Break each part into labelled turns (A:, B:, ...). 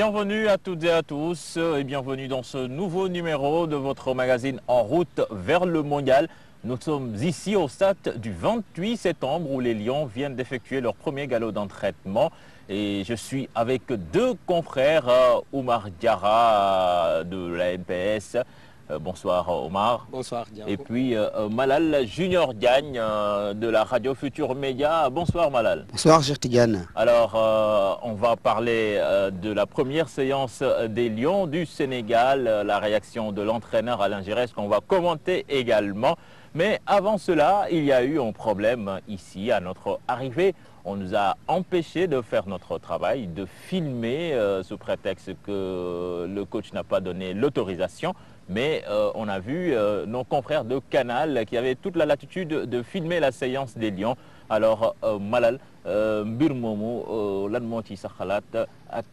A: Bienvenue à toutes et à nouveau numéro de votre magazine mondial. Nous sommes ici au stade du 28 septembre où les Lions viennent d'effectuer je suis avec deux confrères, euh, Oumar Diarra euh, Euh, bonsoir euh, Omar. Bonsoir Diango. Et puis euh, Malal Junior Diagne de la radio Futur Média. Bonsoir Malal.
B: Bonsoir Cheikh Tidiane.
A: Alors on va parler de la première séance des Lions du Sénégal, la réaction de l'entraîneur Alain Giresse qu'on va commenter également. Mais avant cela, il y a eu un problème ici à notre arrivée. On nous a empêchés de faire notre travail, de filmer euh, sous prétexte que le coach n'a pas donné l'autorisation. mais euh, on a vu euh, nos confrères de Canal qui avaient toute la latitude de filmer la séance des Lions alors euh, Malal euh, mbir moomu euh, lan moo ci sa xalaat ak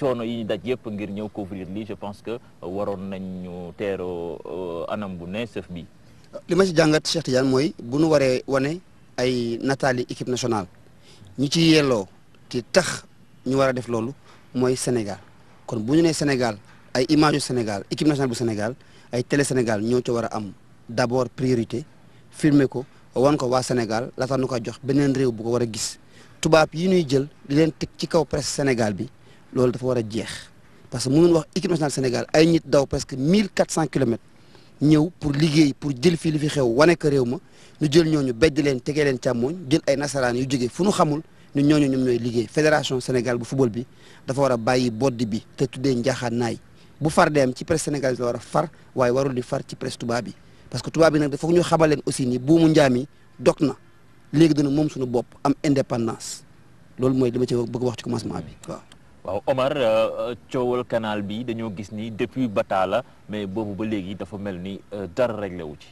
A: coono yi ñu daj yëpp ngir ñëw couvrir lii je pense que waroon nañu teeroo anam bu ne bi.
B: li ma ci jàngat Cheikh Tidiane mooy bu nu waree wane ay nataali équipe nationale ñi ci yelloo te tax ñu war a def loolu mooy Sénégal kon bu ñu nee Sénégal. ay image Sénégal équipe nationale bu Sénégal ay télé Sénégal ñoo ci war a am d'abord priorité filmer ko wan ko waa Sénégal laata nu ko jox beneen réew bu ko war a gis tubaab yi nuy jël di leen teg ci kaw Sénégal bi loolu dafa war a jeex parce que mënuñ wax équipe nationale Sénégal ay nit daw presque mille quatre cent kilomètres ñëw pour liggéey pour jël fii li fi xew wane ko réew ma ñu jël ñooñu bedd leen tegee leen càmmooñ jël ay nasaraan yu jóge fu nu xamul ñu ñooñu ñoom ñooy liggéey fédération Sénégal bu football bi dafa war a bàyyi bodd bi te tuddee njaaxaan naay bu far dem ci presse sénégalaise la war a far waaye warul di far ci presse tubaab bi parce que tubaab bi nag dafa ñu xamal leen aussi ni buumu njaam yi dog na léegi dana moom suñu bopp am indépendance loolu mooy dama ma ci bëgg wax ci commencement bi waaw.
A: waaw Omar euh, euh, coowal canal bi dañoo gis ni depuis Batala mais boobu ba léegi dafa mel ni euh, dara réglé wu ci.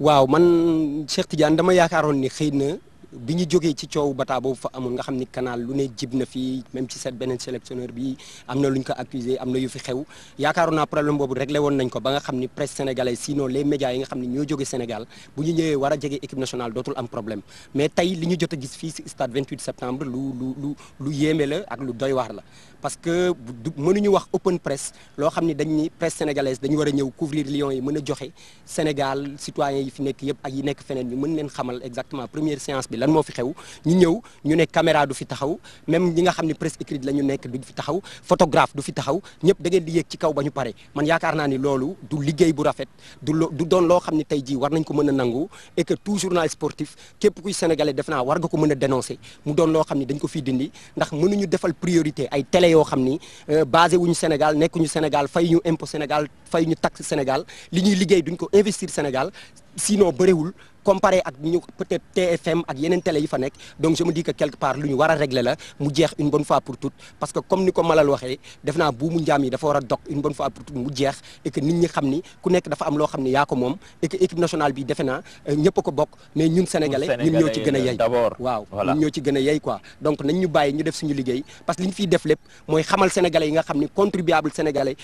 C: waaw man Cheikh Tidiane dama yaakaaroon ni xëy na bi ñu jógee ci coow bataa boobu fa amul nga xam ni canal lu ne jib na fi même ci seet beneen sélectionneur bi am na lu ñu ko accusé am na yu fi xew yaakaaroon naa problème boobu réglé woon nañ ko ba nga xam ni presse sénégalaise sino les médias yi nga xam ni ñoo jóge Sénégal bu ñu ñëwee war a jege équipe nationale dootul am problème mais tey li ñu jot a gis fii si stade 28 septembre lu lu lu lu yéeme la ak lu doy waar la parce que mënuñu wax open presse loo xam ni dañ ni presse sénégalaise dañu war a ñëw couvrir lion yi mën a joxe Sénégal citoyens yi fi nekk yëpp ak yi nekk feneen ñu mën leen xamal exactement première séance bi lan moo fi xew ñu ñëw ñu ne caméra du fi taxaw même ñi nga xam ne presse écrite la ñu nekk du fi taxaw photographe du fi taxaw ñëpp da ngeen di yéeg ci kaw ba ñu pare man yaakaar naa ni loolu du liggéey bu rafet du du doon loo xam ne tey jii war nañ ko mën a nangu et que tout journal sportif képp kuy sénégalais def naa war nga ko mën a dénoncer mu doon loo xam ne dañ ko fii dindi ndax mënuñu defal priorité ay télé yoo xam ni euh, basé wuñu Sénégal nekkuñu Sénégal fay ñu impo Sénégal fay ñu taxe Sénégal li ñuy liggéey duñ ko investir Sénégal sinon bëriwul comparé ak ñu peut-être TFM ak yeneen télé yi fa nekk donc je me dis que quelque part lu ñu war a régler la mu jeex une bonne fois pour toutes parce que comme ni ko Malal waxee def naa buumu njaam yi dafa war a dog une bonne fois pour toutes mu jeex et nit ñi xam ni ku nekk dafa am loo xam ne yaa ko moom et que équipe nationale bi defe naa euh, ñëpp a ko bokk mais ñun sénégalais ñun ñoo ci gën a yey waaw ñun ñoo ci gën a yey quoi donc nañ bàyyi ñu def suñu liggéey parce que li def lépp mooy xamal sénégalais yi nga xam ni contribuable sénégalais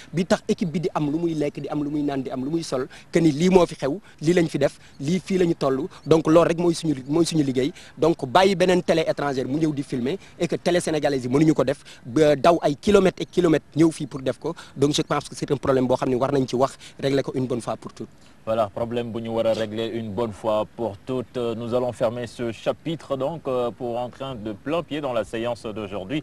C: am muy lekk di am lu muy naan di am lu muy sol que ni lii moo fi xew lii lañ def lii fii lañu toll donc loolu rek mooy suñu mooy suñu liggéey donc bàyyi beneen télé étrangère mu ñëw di filmer et que télé sénégalaise yi mënuñu ko def ba daw ay kilomètres et kilomètres ñëw fii pour def ko donc je pense que c'est un problème boo xam ne war nañ ci wax régler ko une bonne fois pour toutes.
A: voilà problème bu ñu war a régler une bonne fois pour toutes nous allons fermer ce chapitre donc euh, pour entrer de plein pied dans la séance d'aujourd'hui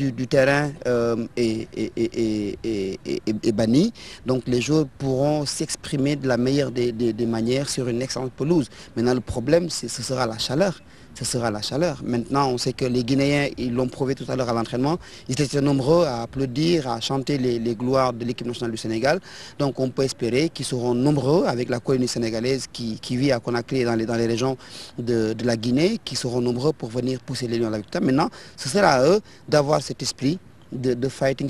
B: du, du terrain euh, est, est, est, est, banni. Donc les joueurs pourront s'exprimer de la meilleure des, des, des, manières sur une excellente pelouse. Maintenant, le problème, ce sera la chaleur. ce sera la chaleur. Maintenant, on sait que les Guinéens, ils l'ont prouvé tout à l'heure à l'entraînement, ils étaient nombreux à applaudir, à chanter les, les gloires de l'équipe nationale du Sénégal. Donc on peut espérer qu'ils seront nombreux avec la colonie sénégalaise qui, qui vit à Conakry et dans les, dans les régions de, de la Guinée, qui seront nombreux pour venir pousser les lions à la victoire. Maintenant, ce sera à eux d'avoir cet esprit de, de fighting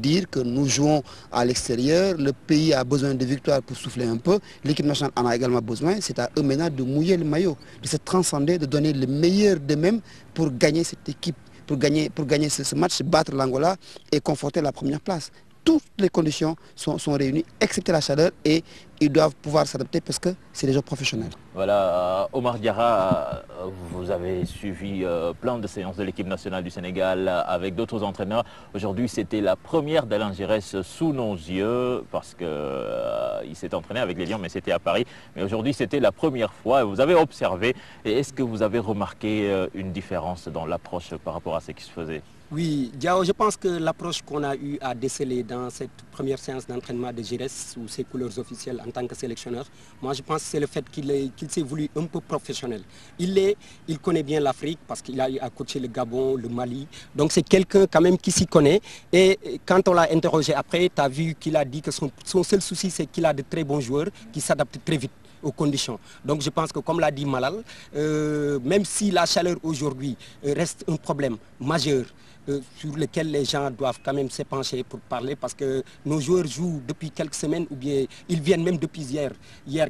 B: dire que nous jouons à l'extérieur, le pays a besoin de victoires pour souffler un peu, l'équipe nationale en a également besoin, c'est à eux maintenant de mouiller le maillot, de se transcender, de donner le meilleur d'eux-mêmes pour gagner cette équipe, pour gagner, pour gagner ce, ce match, battre l'Angola et conforter la première place. toutes les conditions sont, sont réunies, excepté la chaleur, et ils doivent pouvoir s'adapter parce que c'est des gens professionnels.
A: Voilà, euh, Omar Diarra, euh, vous avez suivi euh, plein de séances de l'équipe nationale du Sénégal avec d'autres entraîneurs. Aujourd'hui, c'était la première d'Alain Giresse sous nos yeux parce qu'il euh, s'est entraîné avec les Lions, mais c'était à Paris. Mais aujourd'hui, c'était la première fois. Vous avez observé. Et est-ce que vous avez remarqué une différence dans l'approche par rapport à ce qui se faisait
C: Oui, Diao, je pense que l'approche qu'on a eu à déceler dans cette première séance d'entraînement de Gires ou ses couleurs officielles en tant que sélectionneur, moi je pense que c'est le fait qu'il qu s'est voulu un peu professionnel. Il est, il connaît bien l'Afrique parce qu'il a eu à coacher le Gabon, le Mali. Donc c'est quelqu'un quand même qui s'y connaît. Et quand on l'a interrogé après, tu as vu qu'il a dit que son, son seul souci c'est qu'il a de très bons joueurs qui s'adaptent très vite aux conditions. Donc je pense que comme l'a dit Malal, euh, même si la chaleur aujourd'hui reste un problème majeur, Euh, sur lesquels les gens doivent quand même se pencher pour parler parce que nos joueurs jouent depuis quelques semaines ou bien ils viennent même depuis hier.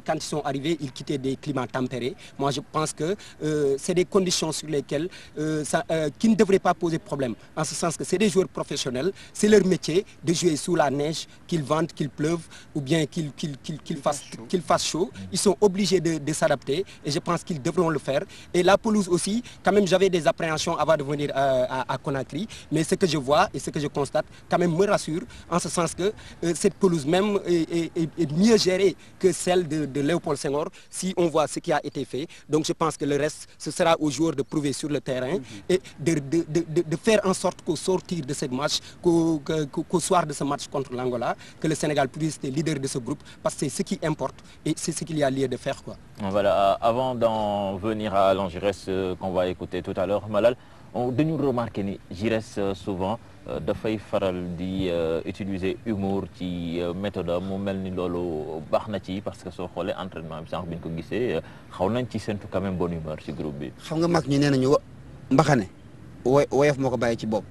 C: quand ils sont arrivés, ils quittaient des climats tempérés. je pense que euh, c'est des conditions sur lesquelles euh, qui ne devraient pas poser problème. En ce sens que c'est des joueurs professionnels, c'est leur métier de jouer sous la neige, qu'il vente, qu'il pleuve ou bien qu'il qu qu qu fasse, fasse, chaud. Ils sont obligés de, de s'adapter et je pense qu'ils devront le faire. avis, mais ce que je vois et ce que je constate quand même me rassure en ce sens que euh, cette pelouse même est, est, est, mieux gérée que celle de, de Léopold Senghor si on voit ce qui a été fait. Donc je pense que le reste, ce sera aux joueurs de prouver sur le terrain mhm. et de, de, de, de faire en sorte qu'au sortir de ce match, qu'au qu qu soir de ce match contre l'Angola, que le Sénégal puisse être leader de ce groupe parce que c'est ce qui importe et c'est ce qu'il y a lieu de faire. Quoi.
A: Voilà, avant d'en venir à l'Angéresse qu'on va écouter tout à l'heure, Malal, dañu remarqué ni Giresse euh, souvent euh, dafay faral di euh, utiliser humour ci méthode mu mel ni loolu baax na ci parce que soo xoolee entraînement bi sànq bi ñu ko gisee xaw nañ ci séntu quand même bonne humeur ci groupe bi. xam nga mag ñu nee nañu wa mbaxane woy woyof moo ko bàyyi ci bopp.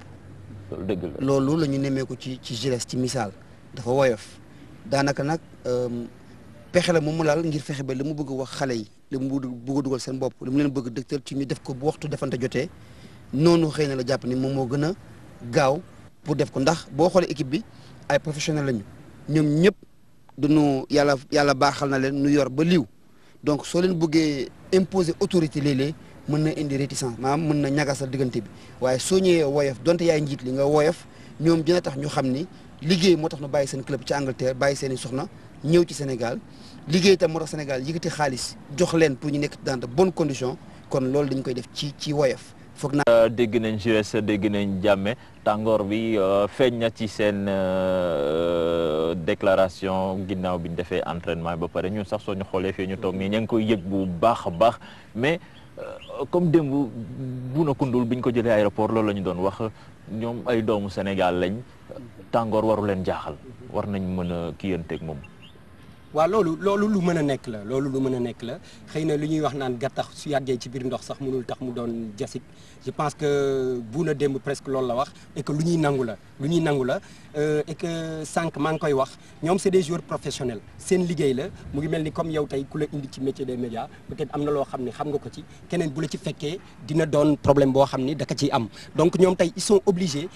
A: dëgg la loolu la ñu nemmeeku
B: ci ci Giresse ci misaal dafa woyof daanaka nag. pexe la moom mu laal ngir fexe ba li mu bëgg wax xale yi li mu bëgg a dugal seen bopp li mu leen bëgg dëgtal ci ñu def ko bu waxtu defante jotee noonu xëy na la jàpp ni moom moo gën a gaaw pour def ko ndax boo xoolee équipe bi ay professionnel lañu ñoom ñëpp duñu yàlla yàlla baaxal na leen nu yor ba liw donc soo leen bëggee imposer autorité léeg-léeg mën na indi réticence maanaam mën na ñagasal diggante bi waaye soo ñëwee woyof donte yaay njiit li nga woyof ñoom jën a tax ñu xam ni liggéey moo tax ñu bàyyi seen club ci Angleterre bàyyi seen i soxna ñëw ci Sénégal liggéey itam moo tax Sénégal yëkkati xaalis jox leen pour ñu nekk dans de bonnes conditions dañ koy def ci ci woyof
A: foog naa euh, dégg nañ GES dégg nañ jàmme tàngoor bi euh, feeñ na ci seen euh, déclaration ginnaaw bi ñu defee entraînement ba pare ñun sax soo ñu xoolee fee ñu toog nii ña ngi koy yëg bu baax a baax mais comme démb bu na kundul bi ñu ko jëlee aéroport loolu la ñu doon wax ñoom ay doomu Sénégal lañ tàngoor waru leen jaaxal war nañ mën a kiyanteeg moom.
C: waaw loolu loolu lu mën a nekk la loolu lu mën a nekk la xëy na lu ñuy wax naan gattax su yàggee ci biir ndox sax mënul tax mu doon jasik je pense que bu na démb presque loolu la wax et lu ñuy nangu la lu ñuy nangu la euh, et que sànq maa ngi koy wax ñoom c'est des joueurs professionnel seen liggéey la mu ngi mel ni comme yow tey ku la indi ci métier des média peut-être am na loo xam ni xam nga ko ci keneen bu la ci fekkee dina doon problème boo xam ni daka ciy am donc ñoom tey ils sont obligés